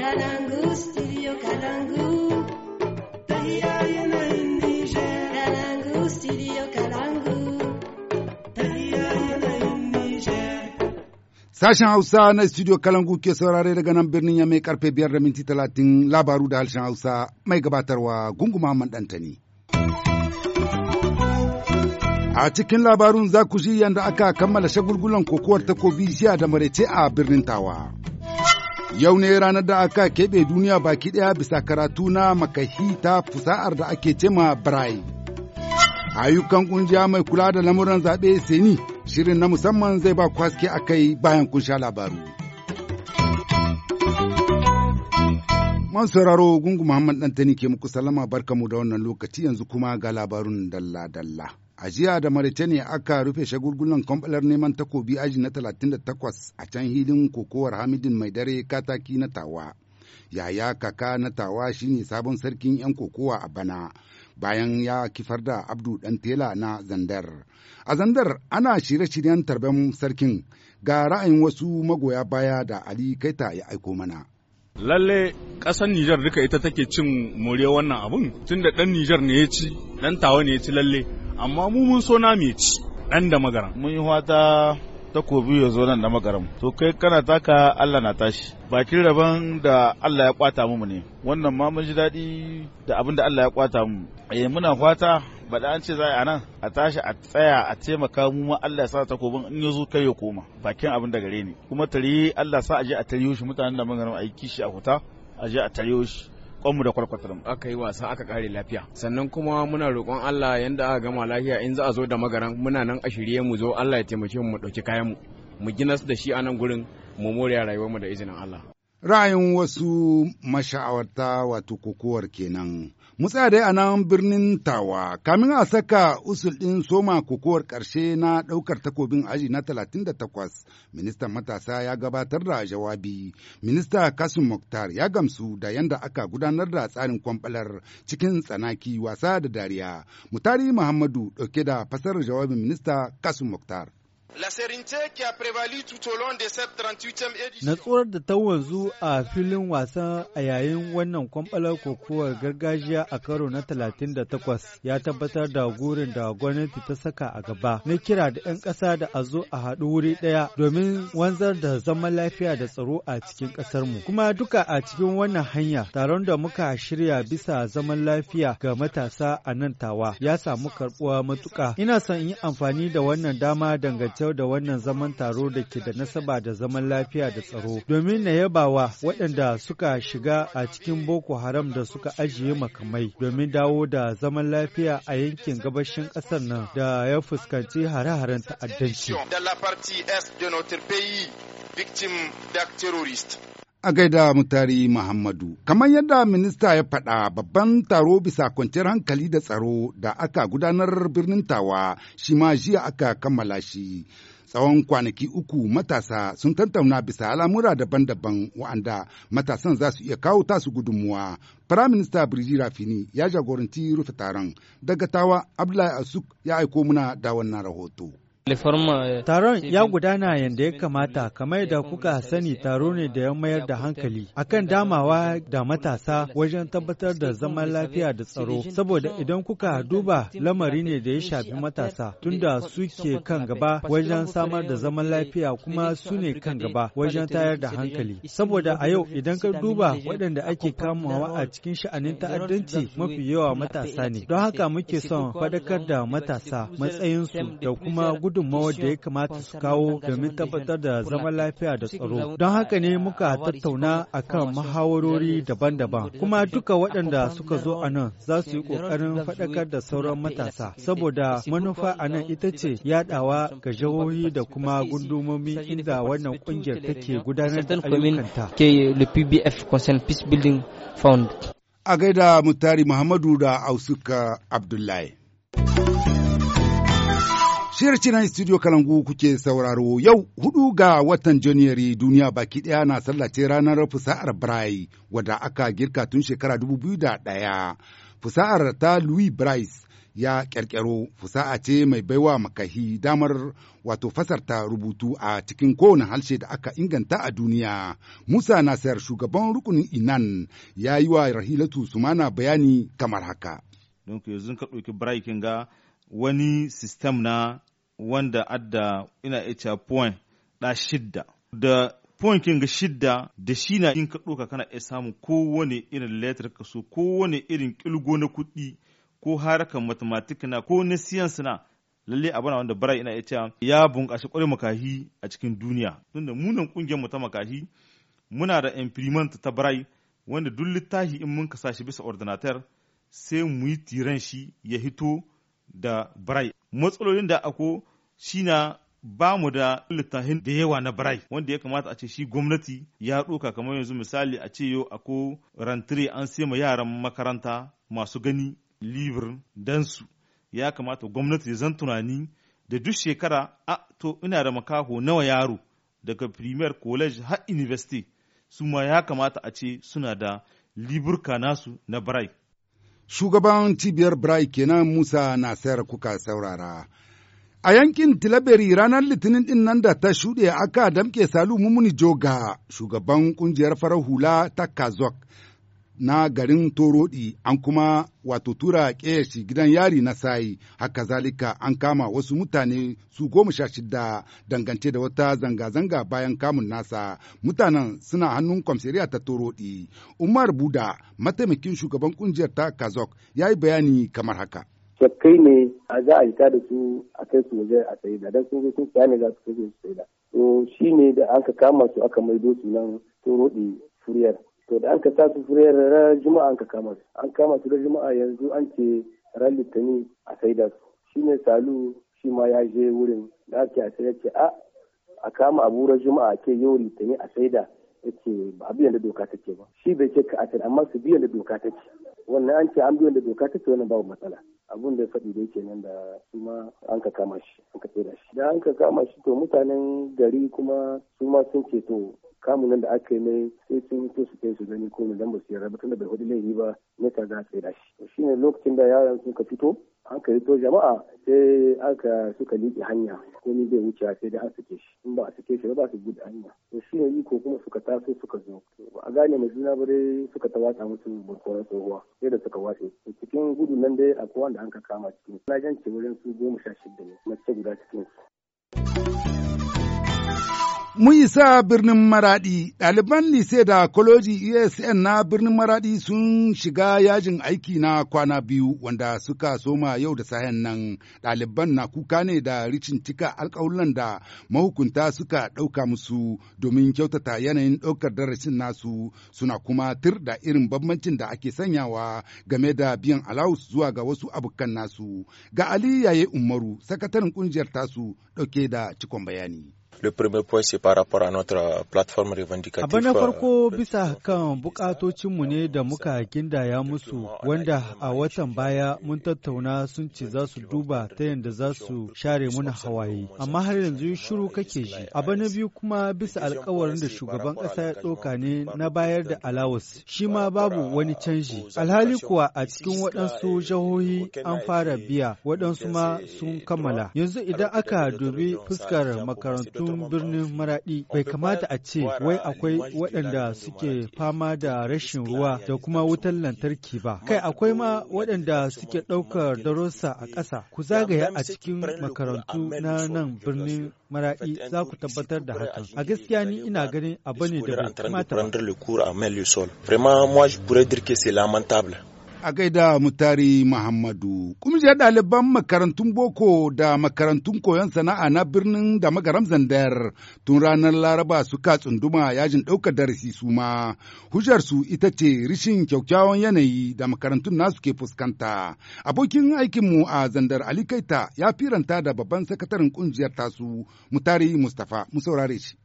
Kalangu, Sashen Hausa na studio Kalangu ke saurare daga nan birnin ya mai karfe biyar da minti talatin labaru da harshen Hausa mai gabatarwa gunguma A cikin labarun za ku ji yadda aka kammala shagulgulan kokowar takobi jiya da maraice a birnin Tawa. Yau ne ranar da aka keɓe duniya baki ɗaya bisa karatu na makahi ta fusa'ar da ake cema Brai. Ayyukan ƙungiya mai kula da lamuran zaɓe Seni shirin na musamman zai ba ku a kai bayan kun sha labaru. Man sauraro gungu Muhammad tani ke muku salama barkamu da wannan lokaci yanzu kuma ga labarun dalla-dalla. A jiya da Mauritania aka rufe shagulgulan kwamfalar neman takobi aji na 38 a can hilin kokowar Hamidin mai dare kataki na tawa. Yaya kaka na tawa shine sabon sarkin 'yan kokowa a bana bayan ya kifar da Abdu Dan Tela na Zandar. A Zandar ana shirye-shiryen tarben sarkin ga ra'ayin wasu magoya baya da Ali Kaita ya aiko mana. lalle ƙasar Nijar duka ita take cin more wannan abun tunda ɗan Nijar ne ya ci ɗan tawa ne ya ci lalle amma mu mun so na mai ci ɗan da magaran mun yi ta takobi ya zo nan da magaram to kai kana taka Allah na tashi bakin rabon da Allah ya kwata mu ne wannan ma mun ji daɗi da abin da Allah ya kwata mu eh muna fata da an ce za a nan a tashi a tsaya a taimaka mu ma Allah ya sa takobin in ya zo kai ya koma bakin abin da gare ni kuma tare Allah sa a je a tariyo shi mutanen da magaram a yi kishi a huta a je a tariyo shi kwanmu da kwarkwatar mu aka yi wasa aka kare lafiya sannan kuma muna roƙon Allah yanda aka gama lafiya in za a zo da magaran muna nan a shirye mu zo Allah ya taimake mu mu ɗauki kayan mu mu gina su da shi a nan gurin mu more rayuwar mu da izinin Allah ra'ayin wasu mashawarta wato kokowar kenan Mutsa dai a nan birnin Tawa, kamin a saka usul ɗin soma kokowar ƙarshe na ɗaukar takobin aji na talatin da takwas, ministan matasa ya gabatar da jawabi. Minista Kasim Mokhtar ya gamsu da yanda aka gudanar da tsarin kwamfalar cikin tsanaki wasa da dariya. Mutari Muhammadu ɗauke da fasarar jawabin minista Kasim Mokhtar. Natsuwar da ta wanzu a filin wasa a yayin wannan kwamfalar kokowar gargajiya a karo na 38 ya tabbatar da gurin da gwamnati ta saka a gaba na kira da 'yan ƙasa da a zo a haɗu wuri ɗaya domin wanzar da zaman lafiya da tsaro a cikin ƙasarmu. Kuma duka a cikin wannan hanya taron da muka shirya bisa zaman lafiya ga matasa a nan tawa ya samu karɓuwa matuƙa. Ina son yi amfani da wannan dama dangance kyau da wannan zaman taro da ke da nasaba da zaman lafiya da tsaro domin na yabawa waɗanda suka shiga a cikin Boko Haram da suka ajiye makamai domin dawo da zaman lafiya a yankin gabashin ƙasar nan da ya fuskanci hare-haren ta'addanci. a gaida mutari Muhammadu. Kamar yadda minista ya faɗa babban taro bisa kwanciyar hankali da tsaro da aka gudanar birnin tawa shi ma jiya aka kammala shi. Tsawon kwanaki uku matasa sun tantauna bisa al'amura daban-daban wa'anda matasan za su iya kawo tasu gudunmuwa. Firaminista Birji Rafini ya jagoranci rufe taron. Daga tawa Abdullahi Asuk ya aiko muna da wannan rahoto. Eh, Taron ya gudana yadda ya kamata kamar da kuka sani taro ne da ya mayar da hankali akan damawa da matasa wajen tabbatar da zaman lafiya da tsaro saboda idan kuka duba lamari ne da ya shafi matasa tunda su ke kan gaba wajen samar da zaman lafiya kuma su ne kan gaba wajen tayar da hankali saboda a yau idan ka duba waɗanda ake kamawa a cikin sha'anin ta'addanci mafi yawa matasa ne don haka muke son faɗakar da matasa matsayinsu da kuma gudun gudunmawar da ya kamata su kawo domin tabbatar da zaman lafiya da tsaro. Don haka ne muka tattauna akan mahawarori daban-daban. Kuma duka waɗanda suka zo a nan za su yi ƙoƙarin faɗakar da sauran matasa, saboda manufa a nan ita ce yaɗawa ga jihohi da kuma gundumomi inda wannan ƙungiyar take gudanar da ayyukanta. A gaida Mutari Muhammadu da Ausuka Abdullahi. Shirye-shiryen studio Kalangu kuke sauraro yau hudu ga watan Janairu duniya baki ɗaya na sallace ranar fusa'ar Brai wadda aka girka tun shekara da 2001. Fusa'ar ta Louis Bryce ya kyarkyaro fusa'a ce mai baiwa makahi damar wato fasarta rubutu a cikin kowane halshe da aka inganta a duniya. Musa Nasir shugaban rukunin Inan ya yi wa Rahilatu Sumana bayani kamar haka. Don ka ɗauki Brai ga wani sistem na wanda adda ina ita point da shidda da point kinga shidda da shi na in ka ɗoka kana iya samun kowane irin letter ka so kowane irin kilgo na kuɗi ko harkar mathematics na ko na science na lalle abana wanda bara ina ita ya bunƙasa ƙwarai makahi a cikin duniya tunda munan ƙungiyar mu ta makahi muna da imprimant ta bara wanda duk littafi in mun kasa shi bisa ordinateur sai mu yi tiran shi ya hito da bara matsalolin da ako shina ba mu da littafin da yawa na birai wanda ya kamata a ce shi gwamnati ya ɗoka kamar yanzu misali a ce yau ko rantire an ma yaran makaranta masu gani librin dansu ya kamata gwamnati ya zan tunani da duk shekara a to ina da makaho nawa yaro daga premier college har university su ma ya kamata a ce suna da liburka nasu na birai shugaban cibiyar birai kenan musa na sayar kuka saurara A yankin Tilaberi ranar Litinin ɗin nan da ta shuɗe aka damke Salu Mumuni Joga, shugaban ƙungiyar farar hula ta Kazok na garin Torodi, an kuma wato tura ƙeyashi gidan yari na sayi, haka zalika an kama wasu mutane su goma sha shida dangance da wata zanga-zanga bayan kamun nasa. Mutanen suna hannun kwamsiriya ta Torodi. Umar Buda, mataimakin shugaban ƙungiyar ta Kazok, ya yi bayani kamar haka. kai ne a za a yi da su a kai su waje a tsaye da dan sun zo sun tsaya ne za su kai su tsaye da to shi ne da an ka kama su aka maido su nan sun roɗe furiyar to da an ka sa su furiyar ran juma'a an ka kama su an kama su da juma'a yanzu an ce ran litani a sai da su shi ne salu shi ma ya je wurin da ake a tsaye ya ce a a kama abu ran juma'a ke yau litani a sai da ya ce ba biyan da doka take ba shi bai ce ka asali amma su biyan da doka take wannan an ce an biyan da doka ta ce wannan babu matsala abun da faɗi dai kenan da kuma an ka kama shi an ka tsira shi da an ka kama shi to mutanen gari kuma su ma sun ce to kamunan da aka yi mai sai sun to su kai su gani ko mu dan ba su yarda ba tunda bai hudu laifi ba ne ka za a tsira shi to shine lokacin da yaran ka fito an ka to jama'a sai aka suka liƙe hanya ko ni bai wuce sai dai an sake shi in ba a sake shi ba za su gudu hanya to yi ko kuma suka taso suka zo a gane mai juna bare suka tabata musu barkonan tsohuwa yadda suka wace cikin gudu nan dai akwai wanda an ka kama cikin na jance wurin su goma sha shida ne mace guda cikin su. Mun isa birnin Maraɗi, ɗaliban lise da koloji ESN na birnin Maraɗi sun shiga yajin aiki na kwana biyu wanda suka soma yau da sahen nan ɗaliban na kuka ne da ricin cika alƙawulan da mahukunta suka ɗauka musu domin kyautata yanayin ɗaukar darasin nasu suna kuma tir da irin bambancin da ake sanyawa game da biyan alawus zuwa ga wasu abokan nasu. Ga Ali Yaye Umaru, sakataren ƙungiyar tasu ɗauke da cikon bayani. Le premier point c'est par rapport à notre euh, plateforme revendicative. Abin na farko euh, bisa kan bukatocinmu ne da muka gindaya musu wanda a watan baya mun tattauna sun ce za su duba ta yadda za su share muna hawaye amma har yanzu shiru kake ji. Abin na biyu kuma bisa alkawarin da shugaban kasa ya tsoka ne na bayar da alawas shi ma babu wani canji. Alhali kuwa a cikin waɗansu jihohi an fara biya waɗansu ma sun kammala. Yanzu idan aka dubi fuskar makarantu cikin birnin Maradi bai kamata a ce wai akwai waɗanda suke fama da rashin ruwa da kuma wutar lantarki ba. Kai akwai ma waɗanda suke ɗaukar darussa a ƙasa. Ku zagaya a cikin makarantu na nan birnin maraɗi za ku tabbatar da hakan. A gaskiya ni ina ganin abu ne da bai kamata. ba. a gaida mutari Muhammadu. Ƙungiyar ɗaliban makarantun boko da makarantun koyon sana'a na birnin da magaram zandar tun ranar laraba suka tsunduma yajin ɗaukar darasi su ma. Hujjarsu ita ce rishin kyaukyawan yanayi da makarantun nasu ke fuskanta. Abokin aikinmu a zandar Ali Kaita ya firanta da babban sakataren ƙungiyar tasu mutari Mustapha mu saurare shi.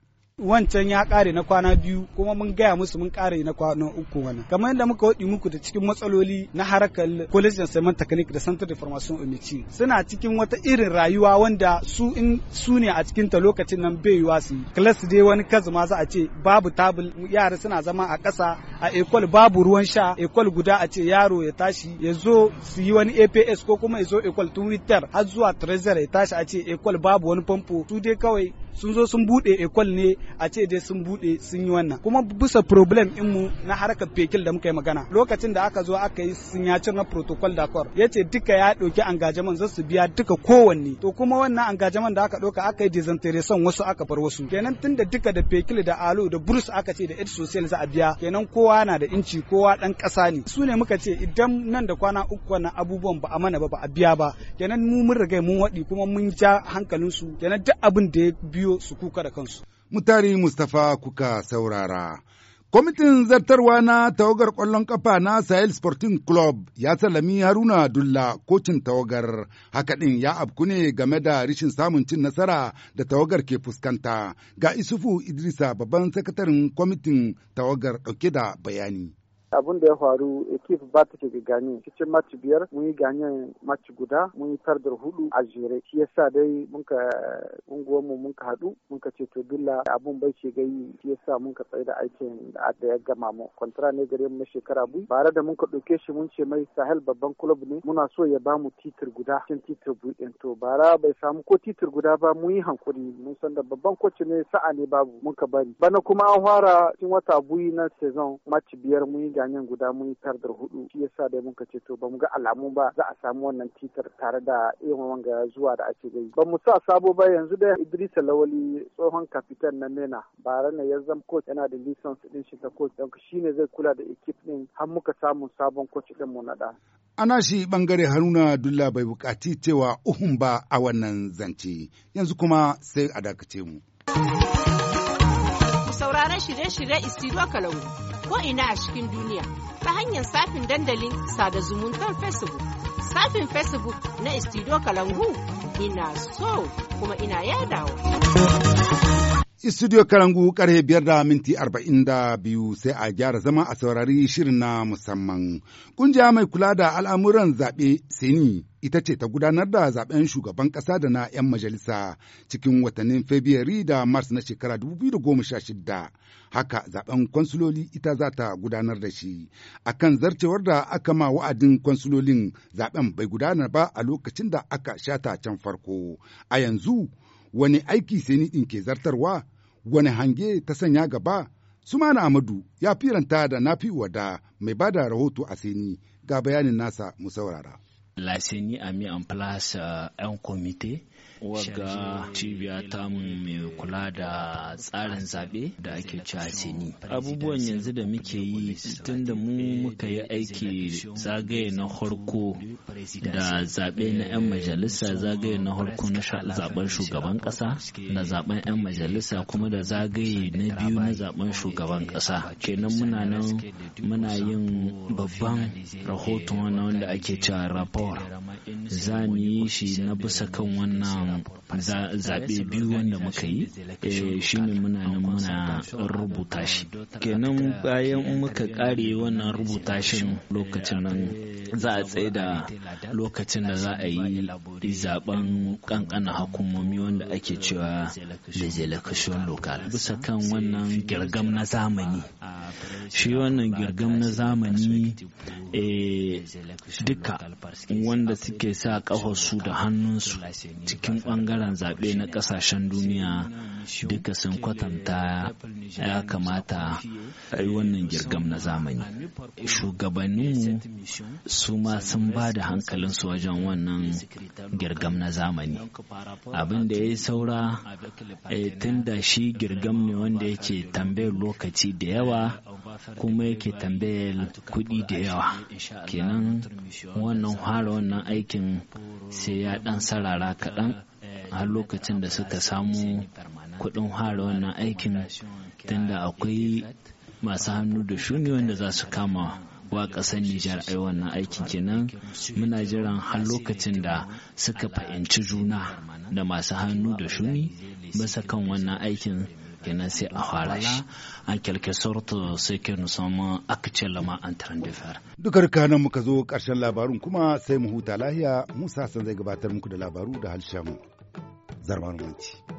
wancan ya kare na kwana biyu kuma mun gaya musu mun kare na kwana uku wani kamar yadda muka waɗi muku da cikin matsaloli na harakar college of technique da center de formation suna cikin wata irin rayuwa wanda su in su ne a cikin ta lokacin nan bai yiwa su class dai wani ma za a ce babu tabul yara suna zama a ƙasa a ekol babu ruwan sha ekol guda a ce yaro ya tashi ya zo su yi wani APS ko kuma ya zo ekol tun har zuwa treasure ya tashi a ce ekol babu wani famfo su dai kawai sun zo sun bude ekol ne a ce dai sun bude sun yi wannan kuma bisa problem in mu na harkar fekil da muka yi magana lokacin da aka zo aka yi ya cin protocol ya ce duka ya dauki engagement zasu biya duka kowanne to kuma wannan engagement da aka dauka aka yi disinteresan wasu aka bar wasu kenan tunda duka da fekil da alo da bruce aka ce da ed social za a biya kenan kowa na da inci kowa dan kasa ne su ne muka ce idan nan da kwana uku wannan abubuwan ba a mana ba ba a biya ba kenan mu mun riga mun waɗi kuma mun ja hankalinsu kenan duk abin da ya biyo biyo su kuka da kansu. Mutari Mustapha kuka saurara. Kwamitin zartarwa na tawagar ƙwallon ƙafa na Sahel Sporting Club ya salami Haruna Dulla kocin tawagar. hakaɗin ya afku ne game da rishin samun cin nasara da tawagar ke fuskanta. Ga Isufu Idrisa babban sakataren kwamitin tawagar ɗauke da bayani. abun da ya faru ekip ba ta ke gani cikin mati biyar mun yi ganyen mati guda mun yi fardar hudu a jere shi yasa dai mun ka mu mun ka hadu mun ka ce to billa abun bai ce gai shi yasa mun ka tsaye da aikin da ya gama mu kontra ne gare mu shekara bu bare da mun ka ɗauke shi mun ce mai sahel babban kulob ne muna so ya ba mu titir guda cin titir din to bara bai samu ko titir guda ba mun yi hankuri mun san da babban koci ne sa'a ne babu mun ka bari bana kuma an fara cikin wata biyu na sezon mac biyar mun yi jami'an guda mun yi da hudu shi yasa da muka ce to ba mu ga alamu ba za a samu wannan titar tare da irin wanga zuwa da ake gani ba mu sa sabo ba yanzu da idris Lawali tsohon kafitan na Mena bara ne ya zama coach yana da lisans din shi ta coach don shine zai kula da ekip din har muka samu sabon coach din mu na da Ana shi bangare Haruna Dulla bai bukati cewa uhun ba a wannan zance, yanzu kuma sai a dakace mu. Sauraron shirye-shirye Istiduwa Kalangu ko'ina a cikin duniya ta hanyar safin dandalin sada zumuntar Facebook. Safin Facebook na Istido Kalangu ina so kuma ina yadawa. Studio Karangu karhe biyar da minti arba'in da biyu sai a gyara zama a saurari shirin na musamman. Kungiya mai kula da al'amuran zaɓe sini ita ce ta gudanar da zaben shugaban ƙasa da na 'yan majalisa cikin watannin Fabrairu da Mars na shekara 2016. Haka zaben kwansuloli ita za ta gudanar da shi. Akan zarcewar da aka ma wa'adin kwansulolin zaben bai gudana ba a lokacin da aka shata can farko. A yanzu wani aiki sai ni ke zartarwa, wani hange ta sanya gaba. Sumana Amadu ya firanta da nafi wada mai bada rahoto a sini ga bayanin nasa mu saurara. La CENI a mis en place euh, un comité waga cibiya tamu mai kula da tsarin zaɓe da ake cewa ni abubuwan yanzu da muke yi tun da mu muka yi aiki zagaye na harko da zaɓe na 'yan majalisa zagaye na harko na zaben shugaban ƙasa na zaben 'yan majalisa kuma da zagaye na biyu na zaben shugaban ƙasa kenan muna nan muna yin babban rahoton wanda ake cewa rapor za mu yi shi na bisa kan wannan wannan um, zaɓe biyu wanda muka yi eh, ne muna nan muna rubuta shi kenan bayan muka ƙare wannan rubuta shin lokacin nan za a tsaye da lokacin da za a yi zaben ƙanƙana hukumomi wanda ake cewa les election local bisa kan wannan girgam na zamani shi wannan girgam na zamani eh, duka wanda suke sa ƙafarsu da hannunsu cikin bangaren zaɓe na ƙasashen duniya duka sun kwatanta ya kamata a yi wannan girgam na zamani shugabanninmu su ma sun ba da hankalinsu wajen wannan girgam na zamani abin da ya yi saura eh, tun da shi girgam ne wanda yake tambayar lokaci da yawa kuma yake tambayar kuɗi da yawa kenan wannan hara wannan aikin sai ya ɗan sarara kaɗan har lokacin da suka samu kuɗin fara wannan aikin tunda akwai masu hannu da shuni wanda za su kama wa ƙasar Nijar a wannan aikin kenan muna jiran har lokacin da suka fahimci juna da masu hannu da shuni basa kan wannan aikin kenan sai a fara shi an quelque sorte sai ke musamman actuellement an train de faire dukar kanan muka zo ƙarshen labarin kuma sai mu huta lahiya Musa san zai gabatar muku da labaru da halshen zarmar manti